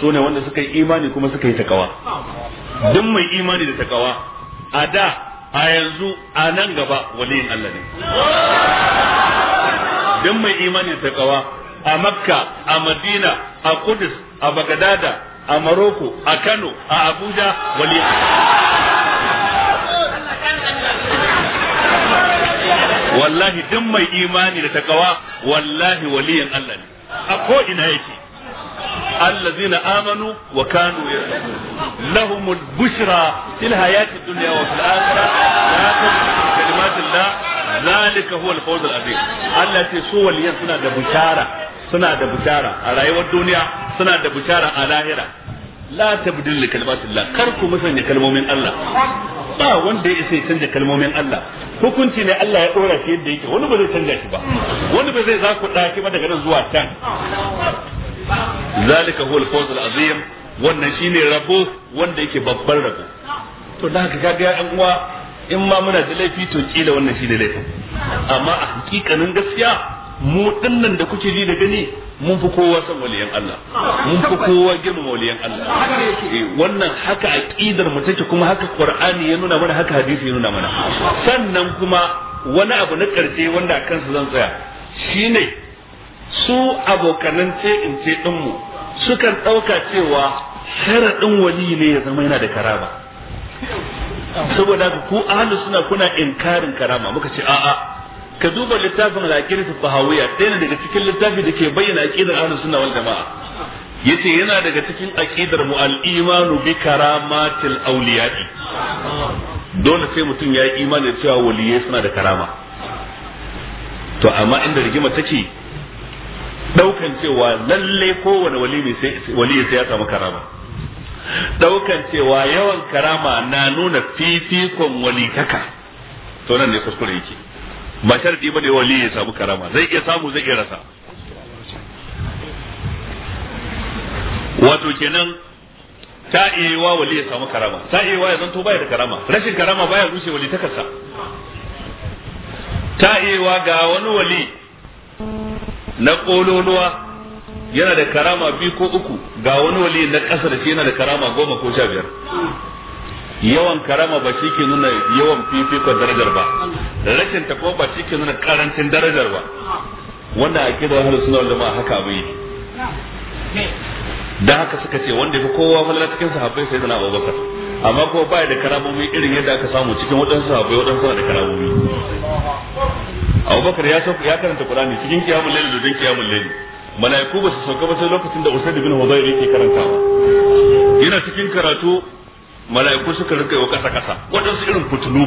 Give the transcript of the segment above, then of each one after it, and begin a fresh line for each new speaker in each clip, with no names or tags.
su ne wanda suka yi imani kuma suka yi takawa duk mai imani da takawa a da a yanzu a nan gaba waliyin Allah ne duk mai imani da takawa a makka a madina a kudus a bagadada a maroko a kano a abuja waliyin wallahi duk mai imani da takawa wallahi waliyin Allah ne a ko ina yake الذين آمنوا وكانوا يتقون لهم البشرى في الحياة الدنيا وفي الآخرة لا كلمات الله ذلك هو الفوز العظيم التي سوى لي سنة بشارة سنة بشارة على الدنيا سنة بشارة على الآخرة Allah ba wanda ya kalmomin Allah hukunci ne Allah ya dora shi yadda yake wani ba zai shi ba wani ba zai za ku ba daga nan zuwa can zalika al-fawz al azim wannan shine rabo wanda yake babban rabo to da haka kaga yan uwa in ma muna da laifi to kila wannan shine laifin amma a hakikanin gaskiya mu dinnan da kuke ji da gani mun fi kowa san waliyan Allah mun fi kowa girma waliyan Allah eh, wannan haka aqidar mu take kuma haka Qur'ani ya nuna mana haka hadisi ya nuna mana sannan kuma wani abu na karshe wanda a kansa zan tsaya shine su abokanan ce in ce ɗinmu sukan ɗauka cewa sharaɗin wali ne ya zama yana da karama saboda ku ahlu suna kuna inkarin karama muka ce a'a ka duba littafin al-aqidatu fahawiya ɗaya daga cikin littafi da ke bayyana aqidar ahlu sunna wal jama'a yace yana daga cikin aqidar mu al-imanu bi karamatil awliya'i dole sai mutum ya yi imani da cewa waliyai suna da karama to amma inda rigima take daukan cewa lalle kowane wali wali sai ya samu karama daukan cewa yawan karama na nuna fifikon walitaka to nan ne kuskure yake ba sharadi ba ne wali ya samu karama zai iya samu zai iya rasa wato kenan ta iya wa wali ya samu karama ta iya wa ya zanto baya da karama rashin karama baya rushe wali takarsa ta iya wa ga wani wali na kololuwa yana da karama biyu ko uku ga wani wali na ƙasa da shi yana da karama goma ko sha biyar yawan karama ba shi ke nuna yawan fifikon darajar ba rashin ta ba shi ke nuna karancin darajar ba wanda ake da wani suna wanda ma haka abu yi da haka suka ce wanda ya fi kowa falala cikin sahabbai sai zana abubakar amma kuma baya da karamomi irin yadda aka samu cikin waɗansu sahabbai waɗansu da karamomi bakar ya sauka ya karanta qur'ani cikin kiyamul layl da dan kiyamul layl malaiku ba su sauka ba sai lokacin da usaid bin hudayr yake karantawa yana cikin karatu mala'iku suka rika yau kasa kasa waɗansu irin fitilu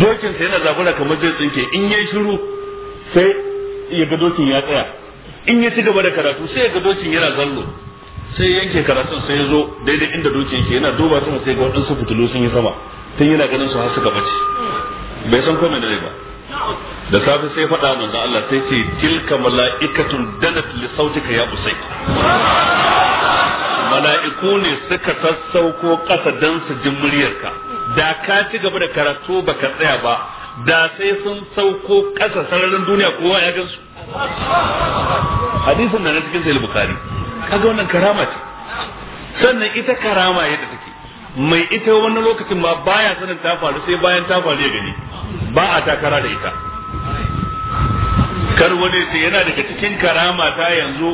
dokin sa yana zabura kamar zai tsinke in yayi shiru sai ya ga dokin ya tsaya in ya ci gaba da karatu sai ya ga dokin yana zallo sai yanke karatun sai ya zo daidai inda dokin yake yana duba sama sai ga waɗansu fitilu sun yi sama tun yana ganin su har suka bace bai san komai da ba da safe sai faɗa manzo Allah sai ce tilka mala'ikatun danat li sautika ya usai mala'iku ne suka sassauko ƙasa dan su ji muryarka da ka ci gaba da karatu baka tsaya ba da sai sun sauko ƙasa sararin duniya kowa ya gansu hadisin nan cikin sai bukhari kaga wannan karama ce sannan ita karama yadda take mai ita wani lokacin ma baya sanin ta faru sai bayan ta faru ya gani ba a takara da ita kar wani sai yana daga cikin karama ta yanzu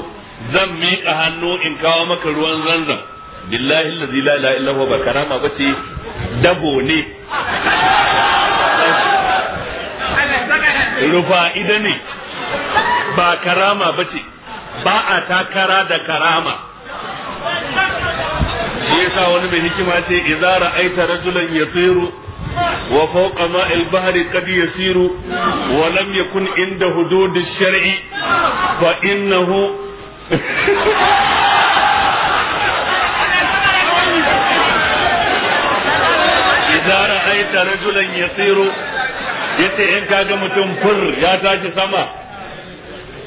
zan miƙa hannu in kawo maka ruwan zanzan billahi allazi la ilaha illa huwa ba karama bace dabo ne rufa ida ne ba karama bace ba a takara da karama shi yasa wani mai hikima ce idza ra'aita rajulan yasiru وفوق ماء البحر قد يسير ولم يكن عند حدود الشرع فإنه إذا رأيت رجلا يطير yace in kaga mutum fur ya tashi sama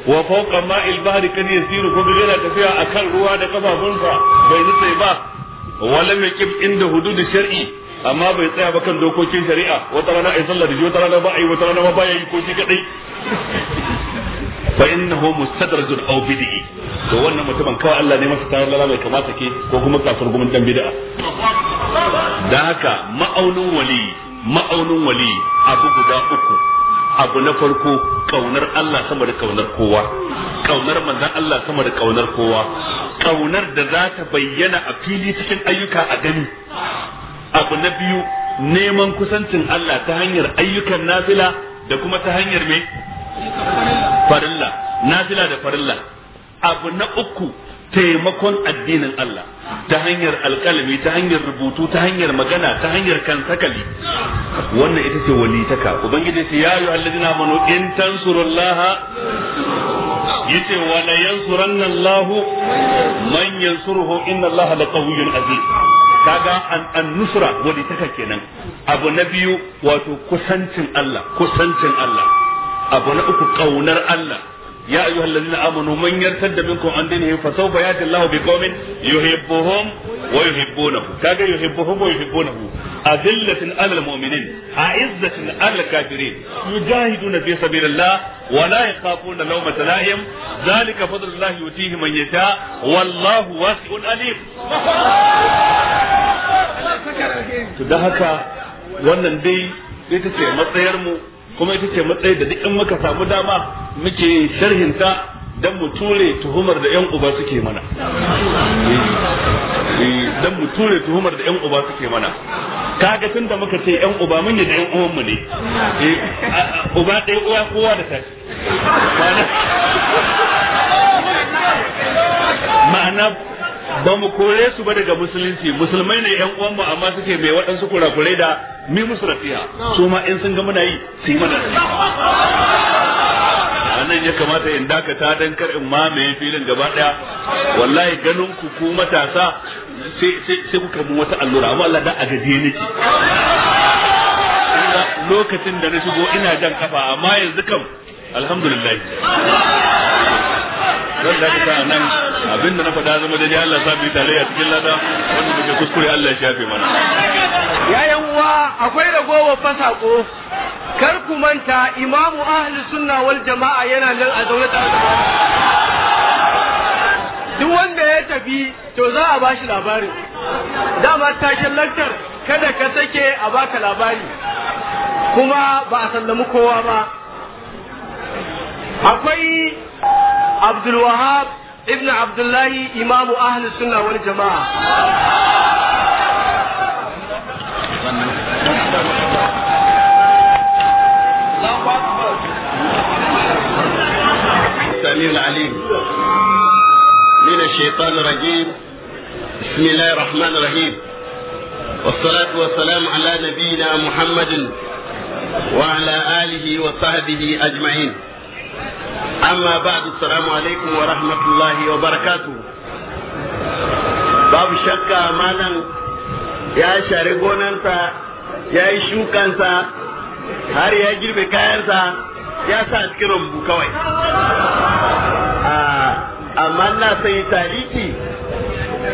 wa fawqa ma'il bahri kan yasiru ko yana tafiya kan ruwa da kafafunsa bai nutse ba wala mai kif inda shar'i amma bai tsaya ba kan dokokin shari'a wata rana ai sallah da shi wata rana ba ai wata rana ba ya yi ko shi kadai fa innahu mustadrajun aw bid'i to wannan mutumin kawai Allah ne masa tayar lala mai kamata ke ko kuma kafir gumin dan bid'a dan haka ma'aunin wali ma'aunin wali abu guda uku abu na farko kaunar Allah sama da kaunar kowa kaunar manzon Allah sama da kaunar kowa kaunar da za ta bayyana a fili cikin ayyuka a gani abu na biyu neman kusancin Allah ta hanyar ayyukan nafila da kuma ta hanyar me farilla nafila da farilla abu na uku taimakon addinin Allah ta hanyar alkalami ta hanyar rubutu ta hanyar magana ta hanyar kansakali wannan ita ce walitaka ubangiji ce ya ayyuhal ladina amanu in tansurullaha yace wa la man yansuruhu inna Allaha laqawiyyun aziz kaga an an-nusra nusura walitaka kenan abu na biyu wato kusancin Allah kusancin Allah abu na uku kaunar Allah يا أيها الذين آمنوا من يرتد منكم عن دينه فسوف يأتي الله بقوم يحبهم ويحبونه كاجا يحبهم ويحبونه أذلة على المؤمنين أعزة على الكافرين يجاهدون في سبيل الله ولا يخافون لومة لائم ذلك فضل الله يؤتيه من يشاء والله واسع أليم to da haka wannan dai ita ce matsayarmu kuma ita ce matsayi da duk in muka samu dama muke sharhinta dan mu ture tuhumar da yan uba suke mana eh, eh, dan mu ture tuhumar da yan uba suke mana kaga tun da muka ce yan uba mun yi da yan uwan mu ne
eh,
uba ɗaya uwa kowa da tashi ma'ana ba mu kore su ba daga musulunci musulmai ne yan uwan mu amma suke mai waɗansu kurakurai da mi musu rafiya su ma in sun ga muna yi su yi mana nan ya kamata in dakata dan kar in mamaye filin gaba daya wallahi ganin ku ku matasa sai sai sai kuka mun wata allura amma Allah da a gaje nake lokacin da na shigo ina jan kafa amma yanzu kam alhamdulillah zan dakata a nan abin da na faɗa zama da Allah sa mu a cikin lada wanda muke kuskure Allah ya shafe mana
akwai ragowar fasako kar ku manta imamu ahli sunna wal jama'a yana nan a zaune ta duk wanda ya tafi to za a bashi labarin dama taken lantar kada ka sake a baka labari kuma ba a sallamu kowa ba akwai abdulwahab ibn abdullahi imamu ahli sunna wal jama'a السميع العليم من الشيطان الرجيم بسم الله الرحمن الرحيم والصلاة والسلام على نبينا محمد وعلى آله وصحبه أجمعين أما بعد السلام عليكم ورحمة الله وبركاته babu shakka malam ya share gonarsa ya yi shukansa har ya girbe kayansa ya sa a cikin rumbu kawai ah, amma na sai tariki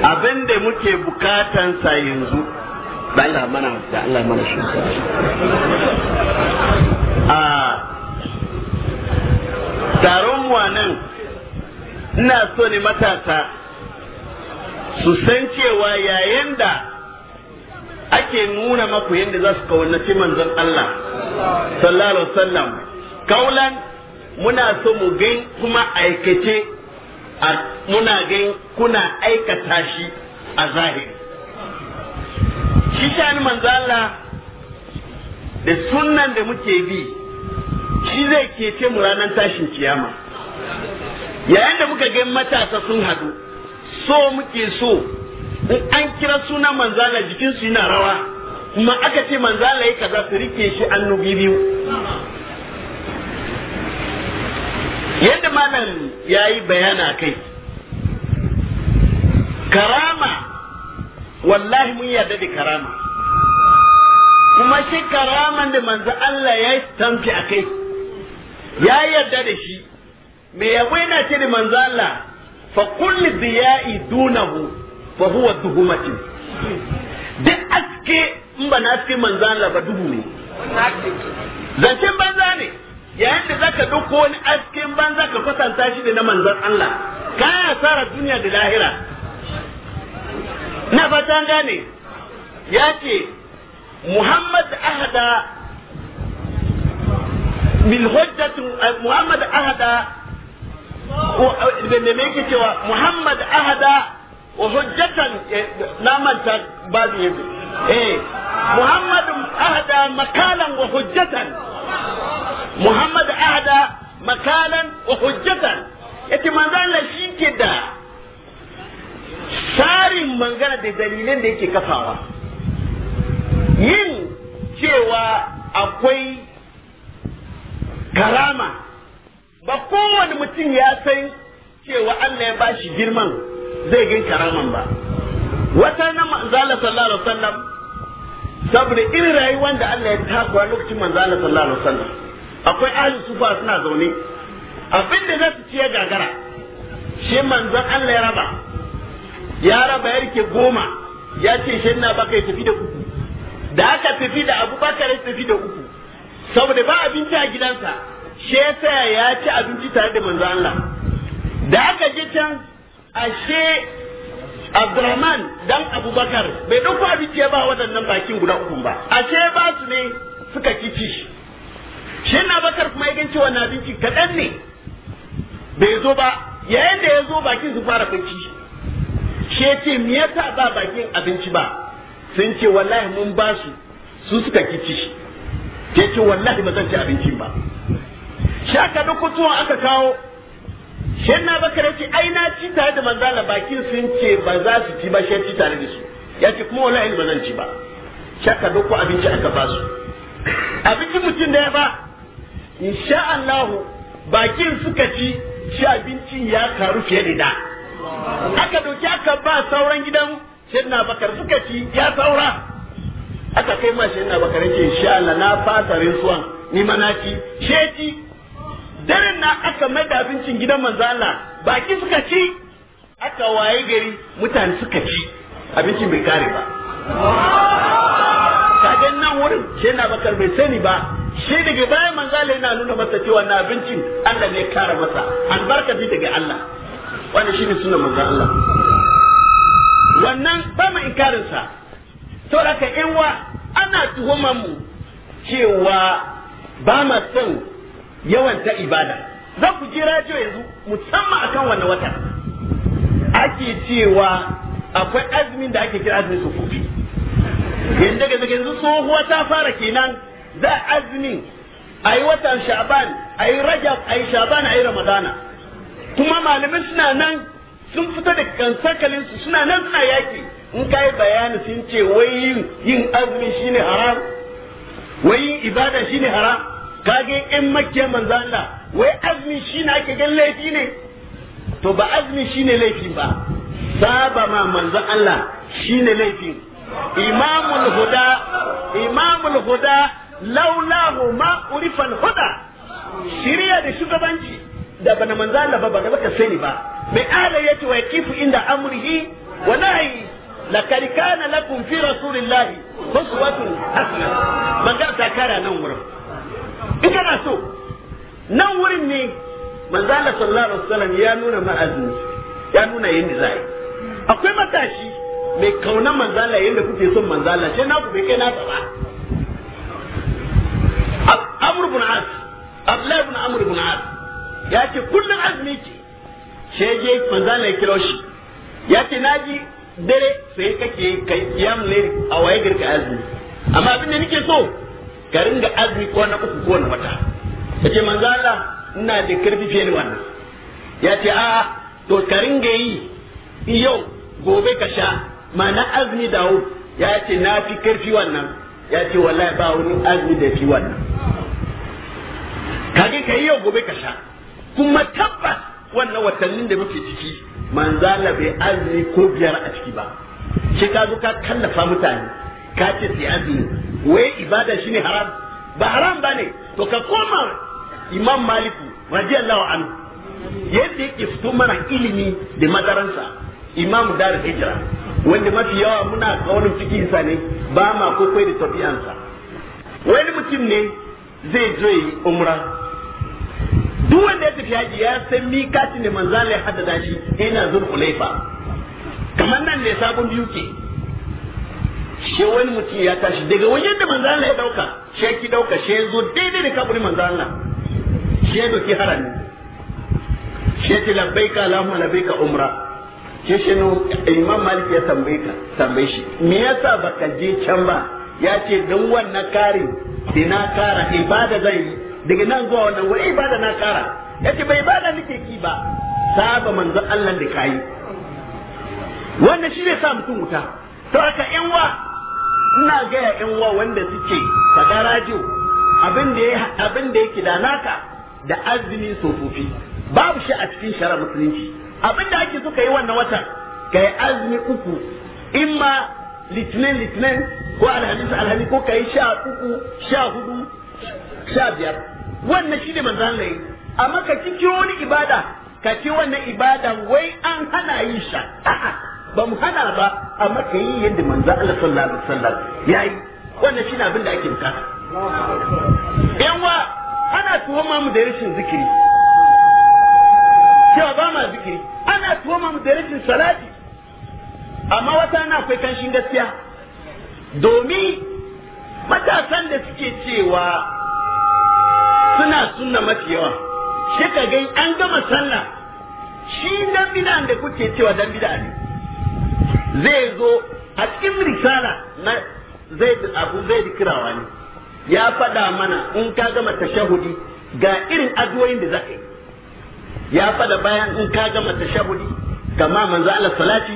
abin da muke bukatan sa yanzu da Allah mana da Allah mana shi a ah, taron wanan ina so ne matasa su san cewa yayin da ake nuna maku yadda za su ciman manzon Allah sallallahu alaihi wasallam kaulan muna so mu gai kuma aikace muna gai kuna aikata shi a zahiri shi shani manzala da sunan da muke bi shi zai kece mu ranar tashin kiyama yayin da muka gan matasa sun hadu so muke so in an kira sunan manzala jikinsu yana rawa kuma aka ce manzala yi kaza su rike shi annubi biyu yadda malam ya yi bayana kai karama wallahi mun yarda da karama kuma shi karaman da manzo Allah ya yi tamfi a kai ya yarda da shi me ya yana ce da manzo Allah fa kulli diya'i dunahu fa huwa duhumati duk aske in ba na aske manzo Allah ba duhu ne zancen banza ne yayin da zaka ɗauko wani askin ban zaka kwatanta shi da na manzon Allah kaya sara duniya da lahira na fatan gane ya ce Muhammad ahada hujjatu Muhammad ahada da me yake cewa Muhammad ahada wa hujjatan eh, na manta eh Muhammad ahada makalan wa hujjatan muhammad ahada makalan wa hujjatan yace manzo Allah shi ke da tsarin magana da dalilin da yake kafawa yin cewa akwai karama ba kowane mutum ya san cewa Allah ya ba shi girman zai gan karaman ba wata na manzala sallallahu alaihi wasallam saboda irin rayuwar da Allah ya takura lokacin manzala sallallahu alaihi wasallam akwai ahli sufa suna zaune abin da za su ci ya gagara shi manzon Allah ya raba ya raba ya rike goma ya ce shi na baka tafi da uku da aka tafi da abubakar ya tafi da uku saboda ba abinci a gidansa shi ya ya ci abinci tare da manzon Allah da aka je can ashe Abdurrahman dan Abubakar bai dauko abinci ya ba waɗannan bakin guda uku ba ashe ba su ne suka kici shi shi na bakar kuma yakin cewa na abinci kaɗan ne bai zo ba yayin da ya zo bakin su fara kunci shi ya ce me yasa ba bakin abinci ba sun ce wallahi mun ba su su suka kici shi ya ce wallahi ba zan ci abincin ba shi aka dukutuwa aka kawo shi na bakar ya ce ai na ci tare da manzala bakin sun ce ba za su ci ba shi ci tare da su ya ce kuma wallahi ba zan ci ba shi aka abinci aka ba su abincin mutum da ya ba In insha Allah bakin suka ci shi abincin ya karu fiye da
da aka
doki aka ba sauran gidan sayyidina bakar suka ci ya saura aka kai ma sayyidina bakar yake sha Allah na fata rinsuwan ni ma na ci sheji daren na aka mai da abincin gidan manzo baki suka ci aka waye gari mutane suka ci abincin bai kare ba kagan nan wurin sayyidina bakar bai sani ba shi daga bayan manzala yana nuna masa cewa na abincin Allah ne kara masa albarka ji daga Allah wannan ne sunan manzo Allah wannan ba mu inkarin sa to aka ana tuhumar mu cewa ba ma son yawan ta ibada za ku ji rajo yanzu musamman akan wannan wata. ake cewa akwai azumin da ake kira azumin sufufi yanda ga yanzu tsohuwa ta fara kenan za a azumin a yi watan sha'ban a yi rajab a yi sha'ban a yi ramadana kuma malamin suna nan sun fita da kansakalin su suna nan suna yaki in ka yi bayani sun ce wai yin yin azumi shine haram wai yin ibada shine haram kage in makke manzo Allah wai azumi shine ake gan laifi ne to ba azumi shine laifi ba saba ma manzo Allah shine laifin imamul huda imamul huda laulahu ma urifal huda shirya da shugabanci da bana manzo Allah ba ba baka sani ba mai ala yace wa yakifu inda amrihi wa nahi lakad kana lakum fi rasulillahi uswatun hasana manga ga ta kara nan wurin in kana so nan wurin ne manzo Allah sallallahu alaihi wasallam ya nuna ma'azini. ya nuna yin zai akwai matashi mai kauna manzala yadda kuke son manzala sai na ku bai kai na ba Amur bin as abdullah bin amur bin as ya ce kullum azumi ki sai je manzan ya kiro shi ya ce naji dare sai kake kai kiyam ne a waye girka azumi amma abin da nake so ka ringa azumi ko na uku ko na wata kace manzo Allah ina da karfi fiye ni wannan ya ce a to ka ringa yi yau gobe ka sha ma'ana azumi dawo ya ce na fi karfi wannan ya ce wallahi ba wani azumi da fi wannan kage kai yau gobe ka sha kuma tabbas wannan watannin da muke ciki manzala bai azumi ko biyar a ciki ba shi ka zo ka kallafa mutane ka ce sai azumi wai ibada shine haram ba haram bane to ka koma imam maliku radiyallahu anhu yadda yake fito mana ilimi da madaransa imam dar hijira wanda mafi yawa muna kaunin cikin sa ne ba ma kokoi da tafiyansa wani mutum ne zai je umra duk wanda ya tafi haji ya san mikacin da manzala ya haddada shi ina zur kulaifa kamar nan ne sabon biyu ke shi wani mutum ya tashi daga wajen da manzan ya dauka shi ki dauka shi ya zo daidai da kaburin Allah shi ya doki harami shi ya ce labbaika allahumma labbaika umra kishinu imam malik ya tambaye ka tambaye shi me yasa baka je can ba ya ce don wannan kari ina na kara ibada zai yi daga nan zuwa wannan wani ibada na kara ya ce bai ibada nake ki ba saba manzon Allah da kayi wannan shi ne sa mutum wuta to aka yan wa ina gaya yan wa wanda suke faɗa radio abin da abin da yake da naka da azumi sofofi babu shi a cikin shara musulunci abin da ake so yi wannan watan ka yi azumi uku in ma litinin litinin ko alhamis alhami ko ka yi sha uku sha hudu sha biyar wannan shi ne manzan layi amma ka ci kiro wani ibada ka ci wannan ibadan wai an hana yi sha a'a ba mu hana ba amma ka yi yadda manzan Allah sallallahu alaihi wasallam yayi wannan shi ne abin da ake bukata yan wa ana tuhuma mu da rashin zikiri cewa ba ma zikiri ana tuhuma mu da salati amma wata na kai kanshin gaskiya domin matasan da suke cewa suna sunna mafi yawa shi ka an gama sallah shi dan bid'a da kuke cewa dan bid'a ne zai zo a cikin risala na zai abu zai kirawa ne ya faɗa mana in ka gama tashahudi ga irin adwoyin da zaka ya fada bayan in ka gama tashahudi kama manzo Allah salati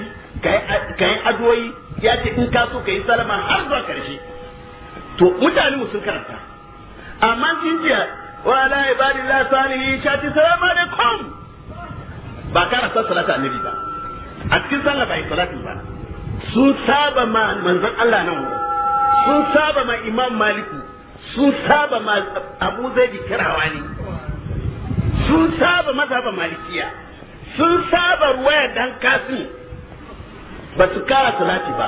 kai addu'o'i ya ce in ka so kai salama har zuwa karshe to mutane mu sun karanta amma sun ce wa la ibadillah salihi shati salamu alaikum ba ka rasa salata annabi ba a cikin sallah ba salati ba sun saba ma manzon Allah nan sun saba ma imam maliki sun saba ma abu zai kirawa ne saba mazhaban malikiya sun saba ruwaya dan kasim ba su kara salati ba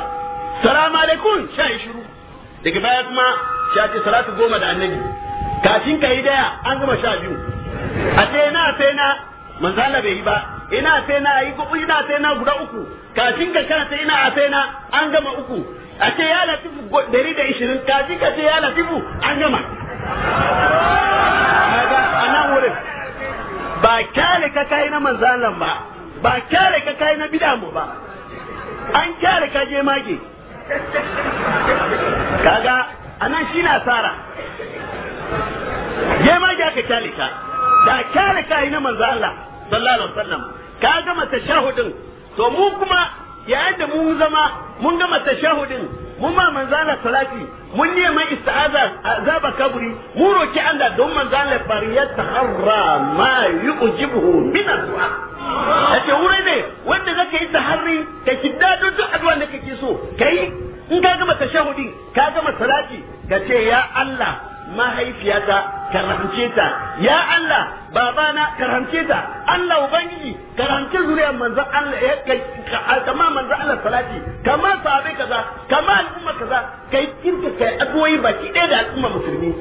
salamu alaikum sha shiru daga baya kuma sha ce salatu goma da annabi kafin ka yi daya an gama sha biyu a ce na sai na manzala bai yi ba ina sai na yi gubu ina sai na guda uku kafin ka sai ina a sai na an gama uku a ce ya latifu dari da ishirin kafin ka ce ya latifu an gama a nan wurin ba kyale ka kai na manzalan ba ba kyale ka kai na bida mu ba an kyale ka je mage kaga anan shi na tsara je mage aka kyale ka da kyale ka yi na manzo Allah sallallahu alaihi wasallam ka gama tashahudin to mu kuma yayin da mu zama mun gama tashahudin mun ma manzala salati mun ne mai ista'aza azaba kaburi mu roki Allah don manzala bariyat taharra ma yu'jibuhu min addu'a yace wuri ne wanda zaka yi taharri ka kidda duk addu'a da kake so kai in ka gama tashahudi ka gama salati ka ce ya Allah mahaifiyata ka ta ya Allah babana ka ta Allah ubangiji ka zuriyar manzon Allah ya eh, kai kama manzon Allah salati kama sahabe kaza kama al'umma kaza kai kirka kai addu'o'i baki ɗaya da al'umma musulmi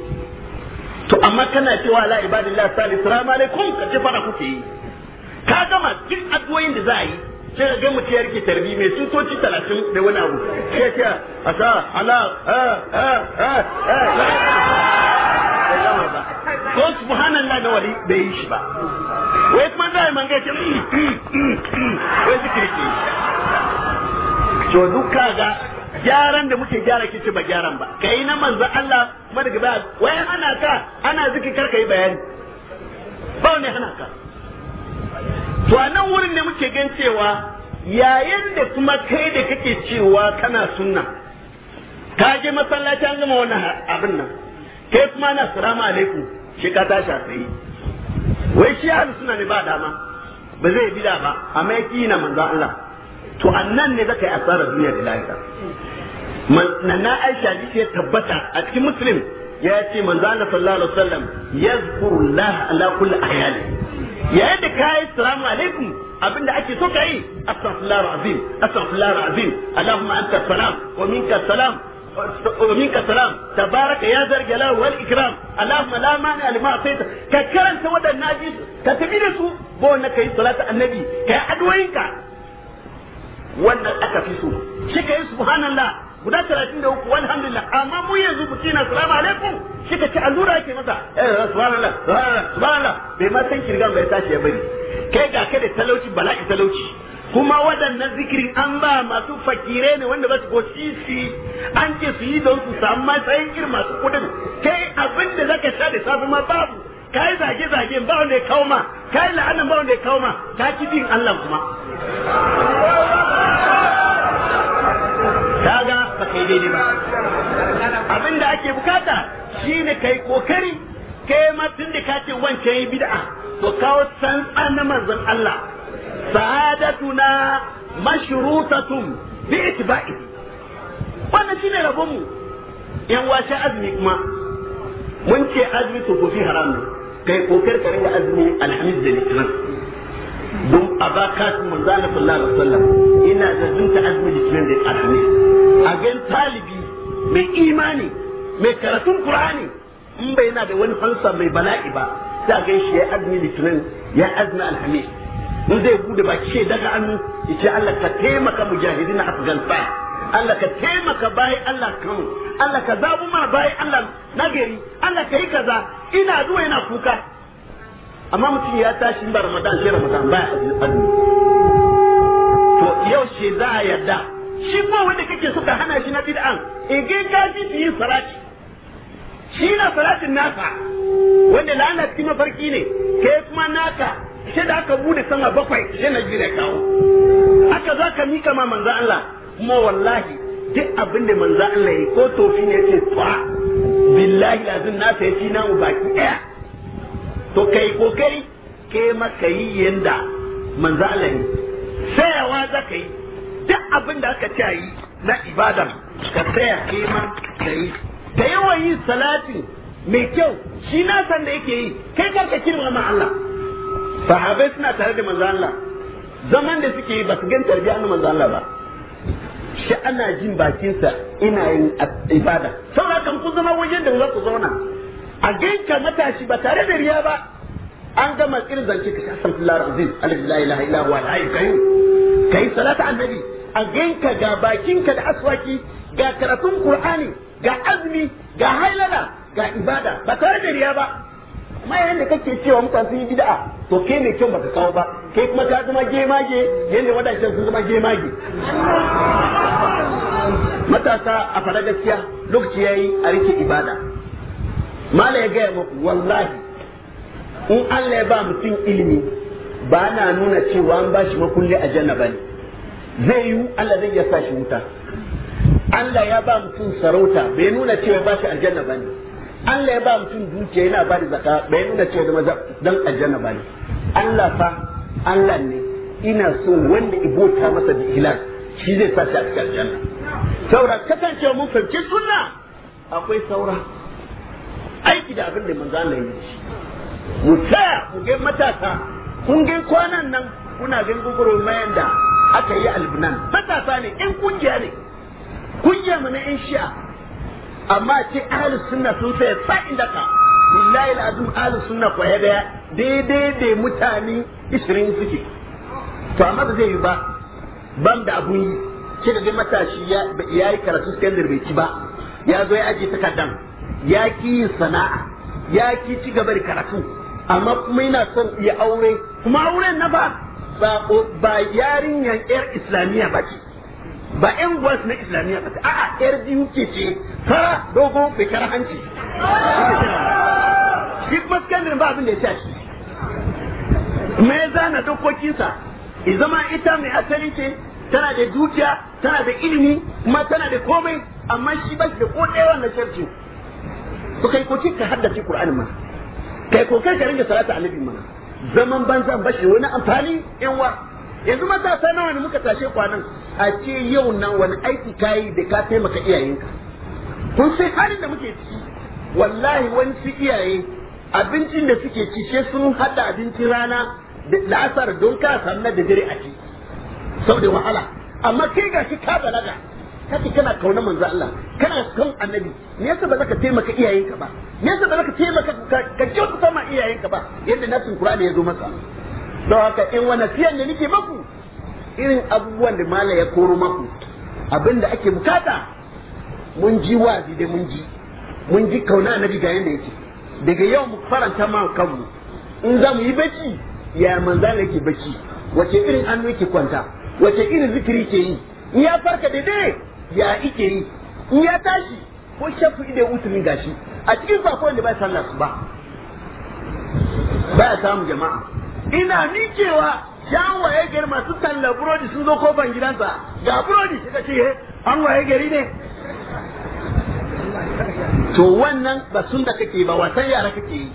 to amma kana cewa la ibadillah salih salamu alaikum ka ce fara kuke yi ka gama duk addu'o'in da za a yi sai ga mutum ya rike tarbi mai sutoci talatin da wani abu sai ka asa ala ko subhanallah na wali bai yi shi ba wai kuma da man ga ce mm, mm, mm, wai zikiri ke to duka ga gyaran da muke gyara kici ba gyaran ba kai na manzo Allah kuma daga baya wai ana ka ana zikir ka yi bayani ba ne ana ka to a nan wurin ne muke gan cewa yayin da kuma kai da kake cewa kana sunna ka je masallaci an gama wannan abin nan kai kuma na salamu alaikum shi ka tashi a tsaye wai shi ahlus sunna ne ba dama ba zai bida ba amma yi na manzo Allah to annan ne zaka yi asarar duniya da lahira man na Aisha ji ce tabbata a cikin muslim ya ce manzo Allah sallallahu alaihi wasallam yazkuru Allah ala kulli ahyali yayin da kai salamu alaikum abinda ake so kai astaghfirullah azim astaghfirullah azim allahumma anta salam wa minka salam ومنك السلام تبارك يا ذا الجلال والإكرام اللهم لا مانع لما أعطيت ككرن سوى الناجي كتبين سوء kai salatu annabi. النبي كي أدوينك Wannan aka fi su. سبحان الله guda talatin da uku alhamdulillah amma mu yanzu mu kina salamu alaikum shi ka ci allura yake masa eh subhanallah subhanallah subhanallah bai ma san kirgan bai tashi ya bari kai ga kai da talauci bala'i talauci kuma waɗannan zikirin an ba masu fakire ne wanda ba su go sisi an ce su yi don su samu matsayin irin masu kudin kai abin da zaka sha da safi ma babu kai zage zage ba wanda ya kawo ma kai la'anan ba wanda ya kawo ma ta ki bin Allah kuma kaga ba kai daidai ba abin da ake bukata shine kai kokari kai ma tun da ka ce wancan yi bid'a to kawo san na manzon Allah sa'adatuna mashrutatun bi ittiba'i wannan rabon mu yan washe azumi kuma mun ce azumi to haram ne kai kokar ka ringa alhamis da litinin don a ba kasu manzana sallallahu alaihi wasallam ina da zunta azumi litinin da alhamis a gan talibi mai imani mai karatun qur'ani in bai yana da wani falsa mai bala'i ba sai a gan ya azumi litinin ya azumi alhamis in zai bude baki ce daga hannu ce Allah ka taimaka mujahidin na Afghanistan Allah ka taimaka bai Allah kan Allah ka zabu ma bai Allah nagari Allah ka yi kaza ina zuwa yana kuka amma mutum ya tashi ba Ramadan sai Ramadan baya azumi to yau shi za a yadda. shi ko wanda kake suka hana shi na bid'an igin ka ji yin salati shi na salatin naka wanda lana cikin mafarki ne kai kuma naka sai da aka bude sama bakwai sai na jira kawo aka za ka mika ma manzan Allah kuma wallahi duk abin da manzan Allah yi ko tofi ne ce twa billahi lazim na sai ci namu baki daya to kai kokari ke maka yi yanda manzan Allah yi sayawa za ka yi duk abin da aka ce yi na ibadan ka saya ke ma ka yi da yawan yin salati mai kyau shi na san da yake yi kai karka kirma ma Allah sahabai suna tare da manzo Allah zaman da suke yi ba su gan tarbiyya na manzo Allah ba shi ana jin bakin sa ina yin ibada saboda kan ku zama wajen da za ku zauna a ganka matashi ba tare da riya ba an gama irin zance ka sha san fillar azim alif la ilaha illa huwa alhayi kayu kai salata annabi a ganka ga bakinka da aswaki ga karatun qur'ani ga azmi ga hailala ga ibada ba tare da riya ba mayan da kake cewa mutane sun yi bid'a to kai ne kyau baka kawo ba kai kuma ta zama gemage yanda wadancan sun zama gemage matasa a fara gaskiya lokaci yayi a rike ibada mala ya gaya muku wallahi in Allah ya ba mutum ilimi ba na nuna cewa an bashi makulli a janna bane zai yi Allah zai ya shi wuta Allah ya ba mutum sarauta bai nuna cewa ba shi aljanna bane Allah ya ba mutum dukiya yana ba da zaka bai nuna cewa zama dan aljanna ba ne Allah fa Allah ne ina so wanda ibota masa da ikhlas shi zai sa shi a cikin aljanna saura kasance mun fahimci sunna akwai saura aiki da abin da manzo Allah ya yi mu tsaya mu ga matasa kun ga kwanan nan kuna ga gugurun mayan da aka yi albinan matasa ne in kungiya ne kungiya mu na in shi'a amma ce ahli sunna sun sai inda daka billahi alazim ahli sunna ko ya daya daidai da mutane 20 suke to amma da zai yi ba ban da abun yi ce da dai matashi ya yi karatu secondary bai ci ba ya zo ya aje takardan ya ki yin sana'a ya ki ci gaba da karatu amma kuma yana son ya aure kuma auren na ba ba yarinyan yar islamiyya ba ce ba yan uwansu na islamiyya ba a yar biyu ke ce fara dogo bai kara hanci shi maskandirin ba abin da ya ce shi me zana dokokinsa zama ita mai asali ce tana da dukiya tana da ilimi kuma tana da komai amma shi ba shi da ko ɗaya wannan sharci to kai ko ka haddace qur'ani ma kai ko kai ka ringa salatu annabi ma zaman banzan bashi wani amfani in wa yanzu matasa nawa ne muka tashe kwanan a ce yau nan wani aiki kayi da ka taimaka iyayenka kun sai halin da muke ciki wallahi wani iyaye abincin da suke ci sai sun hada abincin rana da lasar don ka samu da dare a ci sau da wahala amma kai ga shi ka balaga kace kana kauna manzo Allah kana son annabi me yasa ba zaka taimaka iyayenka ba me yasa ba zaka taimaka ka kyautata ma iyayenka ba yadda nasin Qur'ani ya zo masa don haka in wani siyan da nake maku irin abubuwan da mala ya koro maku abin da ake bukata mun ji wazi da mun ji mun ji kauna na ga yanda yake daga yau mu faranta ma kanmu in za mu yi bacci ya manzala yake bacci wace irin hannu yake kwanta wace irin zikiri ke yi in ya farka daidai ya ike yi in ya tashi ko shafi ide mutumin gashi a cikin bakon da ba sallah ba ba ya samu jama'a ina miƙewa ya waye gari masu talla burodi sun zo kofan gidansa ga burodi suka ce eh, an waye gari ne to wannan ba sun da kake ba wasan yara kake yi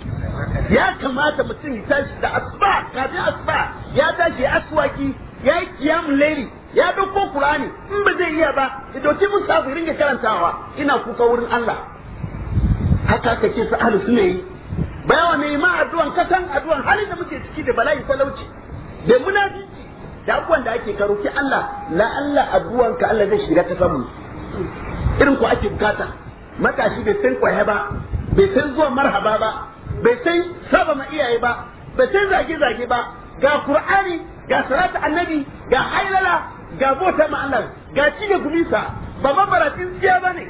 ya kamata mutum ya tashi da asuba kafin asuba ya tashi aswaki ya yi kiyam leri ya dauko kurani in ba zai iya ba ya dauki safi ringa karantawa ina kuka wurin Allah haka kake su ahlus sunayi. bayawa mai ma addu'an kasan addu'an halin da muke ciki da bala'i talauci da munafiki da abubuwan da ake karo ki Allah la Allah addu'an ka Allah zai shiga ta samu irin ku ake bukata matashi bai san kwaye ba bai san zuwa marhaba ba bai san saba ma iyaye ba bai san zage zage ba ga qur'ani ga salatu annabi ga hailala ga bota ma Allah ga cike gumisa ba mabaratin tsiya bane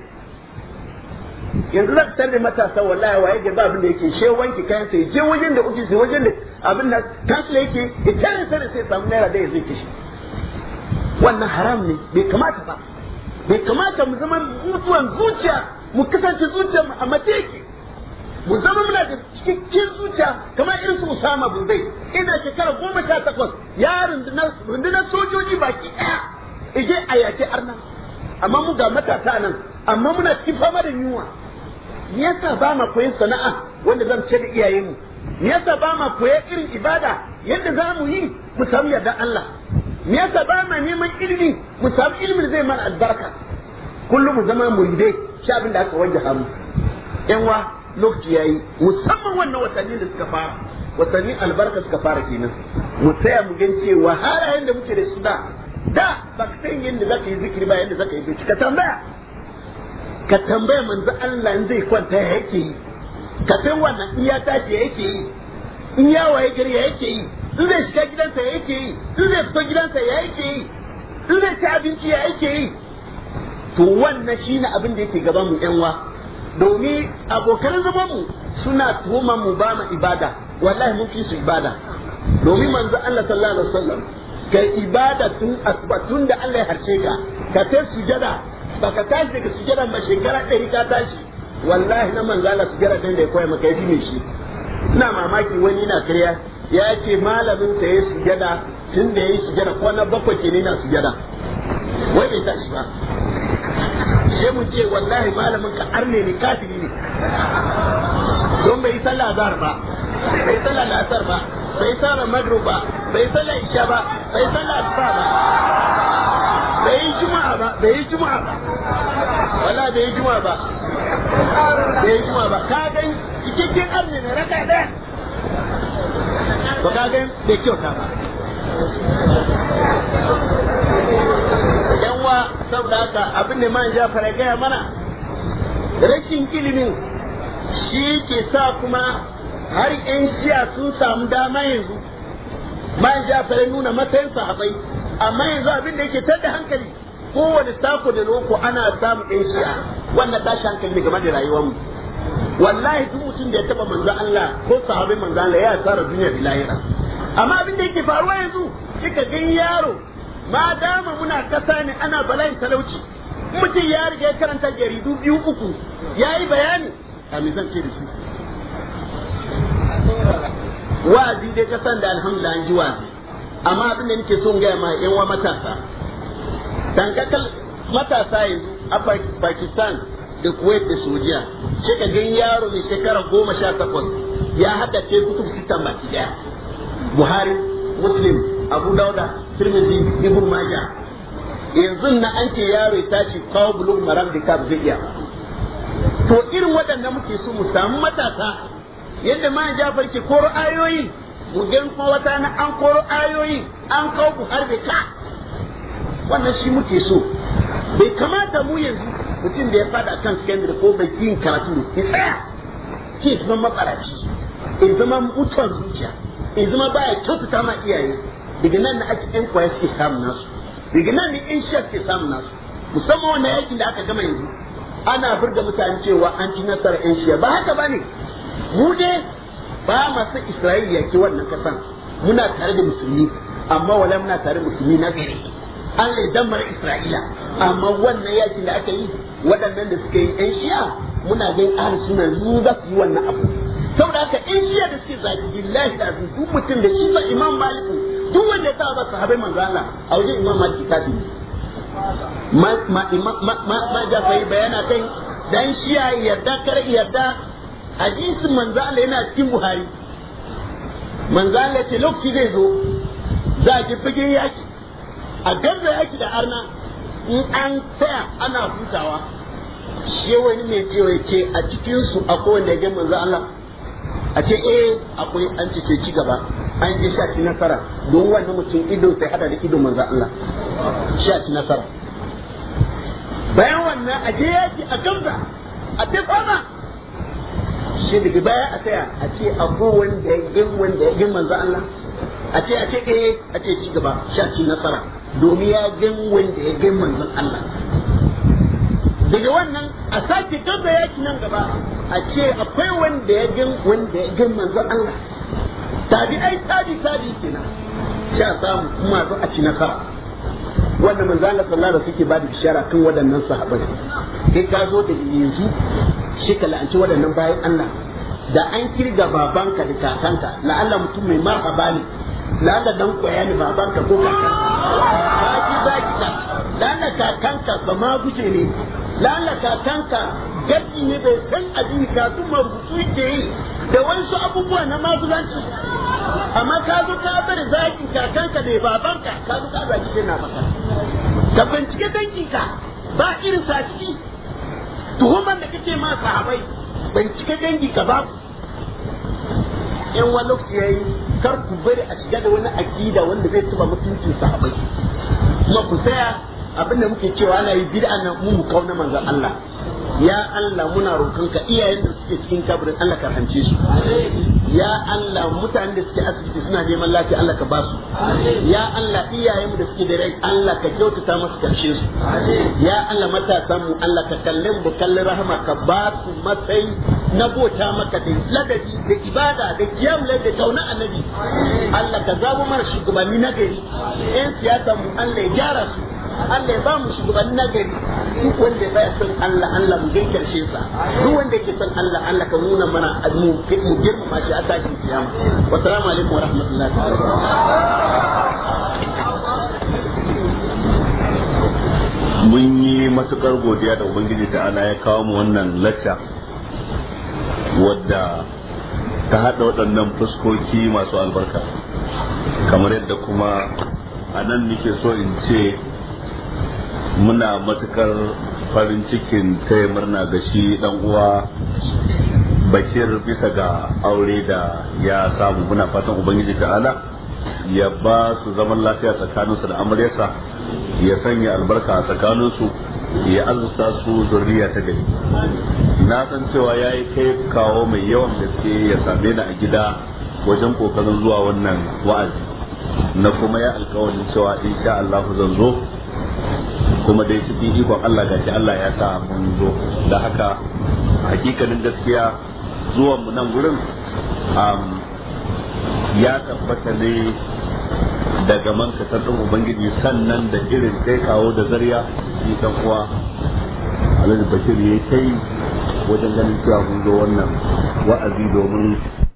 yanzu za ka da matasa wallahi waye ga abin da yake she wanki kayan sai je wajen da ofis wajen da abin da kansu yake ya tare sai sai samu naira da ya zai kishi wannan haram ne bai kamata ba bai kamata mu zama mutuwan zuciya mu kasance zuciya mu a mateki. mu zama muna da cikakken zuciya kamar irin su Usama bin Zaid ina shekara goma sha takwas ya rundunar sojoji baki ɗaya ije a yake arna amma mu ga matasa nan amma muna cikin fama da yunwa me yasa ba ma koyi sana'a wanda zan ce da iyayenmu me yasa ba ma koyi irin ibada yadda za mu yi mu samu yarda Allah me yasa ba ma neman ilimi mu samu ilimin zai mana albarka kullum mu zama muridai shi abin da aka wanke hamu yan wa lokaci yayi musamman wannan watanni da suka fara watanni albarka suka fara
kenan mu
tsaya mu gan cewa halayen da muke da su da da ba ka san yadda zaka yi zikiri ba yadda zaka yi ka tambaya ka tambaya manzo Allah in zai kwanta ya yake yi ka san wannan iya tashi ya yake yi in ya ya gari ya yake yi in zai shiga gidansa ya yake yi in zai fito gidansa ya yake yi in zai ci abinci ya yake yi to wannan shine abin da yake gaban mu yan wa domin abokan zaman mu suna tuma mu ba mu ibada wallahi mun fi su ibada domin manzo Allah sallallahu alaihi wasallam kai ibada tun asbatun da Allah ya harce ka ka ta sujada baka tashi daga sujada ba shekara ɗari ka tashi wallahi na manzala sujada ɗin da ya koya maka yafi mai shi ina mamaki wani na karya ya ce malamin ta ya sujada tun da ya yi sujada na bakwai ke ne na sujada wai bai tashi ba sai mu ce wallahi malamin ka arne ne kafiri ne don bai sallah azhar ba bai sallah la'asar ba bai sallah maghrib ba bai sallah isha ba bai sallah
asuba ba
bai yi juma'a ba bai yi juma'a ba wala bai yi juma'a ba bai yi juma'a ba ka gan cikakken arni ne raka ɗaya ba ka gan bai kyauta ba yanwa saboda haka abin da man jafar ya gaya mana rashin ilimin shi ke sa kuma har 'yan shiya sun samu dama yanzu man jafar ya nuna matsayin sahabai amma yanzu abin da yake tada hankali kowane sako da loko ana samun ɗan shi'a wannan tashi hankali ne game da rayuwar mu wallahi duk mutum da ya taba manzo Allah ko sahabbai manzo Allah ya tsara duniya bi lahira amma abin da yake faruwa yanzu kika gan yaro ma dama muna kasa ne ana bala'in talauci mutum ya riga karanta jaridu biyu uku ya yi bayani a me zan ce da shi wa'azi dai kasan da alhamdulillah an ji wa'azi amma abin da nake son gaya ma yan wa matasa dankakal matasa yanzu a Pakistan da Kuwait da Saudiya sai ka ga yaro mai shekara goma sha takwas ya haddace kutub sita baki daya Buhari Muslim Abu Dauda Tirmidhi Ibn Majah yanzu na an ce yaro ya tashi kawo bulug maram da kab zai iya to irin waɗanda muke so mu samu matasa yadda ma Jafar ke koro mu je kuma wata na an koro ayoyi an kawo ku harbe ta wannan shi muke so bai kamata mu yanzu mutum da ya fada kan secondary ko bai yin karatu ne ya tsaya ke zama matsaraci ya zama mutuwar zuciya ya zama baya kyautata ma iyaye daga nan na ake yan kwaya suke samun nasu daga nan ne yan shaf suke samun nasu musamman wannan yakin da aka gama yanzu ana furta mutane cewa an ci nasarar yan shiya ba haka ba ne mu dai ba masu Isra'il yaki wannan kasan muna tare da musulmi amma wala muna tare musulmi na gari an damar Isra'ila amma wannan yakin da aka yi waɗannan da suka yi ɗan shi'a muna gani ahli suna zu za su yi wannan abu saboda haka ɗan shi'a da suke zaki billahi da azu duk mutum da shi sa imam maliku duk wanda ta ba sahabai manzo Allah a wajen imam maliki ta ma ma ma ma ja sai bayana kai dan shi'a yarda kar yarda hadisin manzo Allah yana cikin Buhari manzo Allah ce lokaci zai zo za a fage yaki a gaza yaki da arna in an tsaya ana hutawa shi wani mai cewa ce a cikin su akwai wanda gan manzo Allah a ce eh akwai an ce ci gaba an ji sha ci nasara don wannan mutum ido sai hada da ido manzo Allah sha ci nasara bayan wannan a je yaki a gamza a tafi shi daga baya a tsaya a ce abu wanda ya yi wanda ya yi manzo Allah a ce a ce eh a ce ci gaba sha ci nasara domin ya gin wanda ya gin manzon Allah daga wannan a sake gaba ci nan gaba a ce akwai wanda ya gin wanda ya gin manzon Allah tabi ai tabi tabi kenan sha samu kuma zo a ci nasara wannan manzon Allah sallallahu alaihi wasallam suke ba da bishara kan waɗannan sahabbai kai ka zo da yanzu shi ka la'anci waɗannan bayan Allah da an kirga babanka da kakanka la'alla mutum mai marhaba ne la'alla dan koya ne babanka ko kakanka ba ki ba ki ta la'alla kakanka ba ma guje ne la'alla kakanka gaji ne bai san addini ka tun marubutu yake yi da wasu abubuwa na mazulanci amma ka zo ka bar zaki kakanka da babanka ka zo ka zaki na maka ka bincike ka, ba irin sa ciki tuhuman da kake ma sahabai ban cika dangi ka babu in wani lokaci yi kar ku bari a shiga da wani akida wanda zai tuba mutuncin sahabai kuma ku tsaya abinda muke cewa ana yi bid'a nan mu mu kauna manzon Allah ya Allah muna roƙonka iyayen da suke cikin kabarin Allah su ya Allah mutanen da suke asibiti suna neman lafiya Allah ka ba su ya Allah iyayen da suke da rai Allah ka kyautata masu karshe su ya Allah matasan mu Allah ka kalle mu kalle rahama ka ba su matsayi na bota maka da ladabi da ibada da kiyam da kauna annabi Allah ka zabo mana shugabanni na gari 'yan siyasa mu Allah ya gyara su Allah ya ba mu shugabanni na duk wanda ya san Allah Allah mu jinkirce sa duk wanda yake san Allah Allah ka nuna mana mu mu girma shi a tashin kiyama wa salamu alaikum wa rahmatullahi wa
barakatuh mun yi matukar godiya da ubangiji ta ana ya kawo mu wannan lacca wadda ta haɗa waɗannan fuskoki masu albarka kamar yadda kuma a nan nike so in ce muna matukar farin cikin taya murna ga shi dan uwa bashir bisa ga aure da ya samu muna fatan ubangiji ta'ala ya ba su zaman lafiya tsakaninsu da amaryarsa ya sanya albarka a tsakaninsu ya azusta su zurriya ta gari na san cewa ya yi kai kawo mai yawan gaske ya same ni a gida wajen kokarin zuwa wannan wa'azi na kuma ya alkawarin cewa insha Allah zan zo kuma dai cikin ikon Allah shi Allah ya sa mun zo da haka hakikanin gaskiya zuwan mu nan gurin ya tabbata ne daga man kasar ɗin ubangiji sannan da irin kai kawo da zariya shi dan uwa alhaji bashir ya kai wajen ganin cewa mun zo wannan wa'azi domin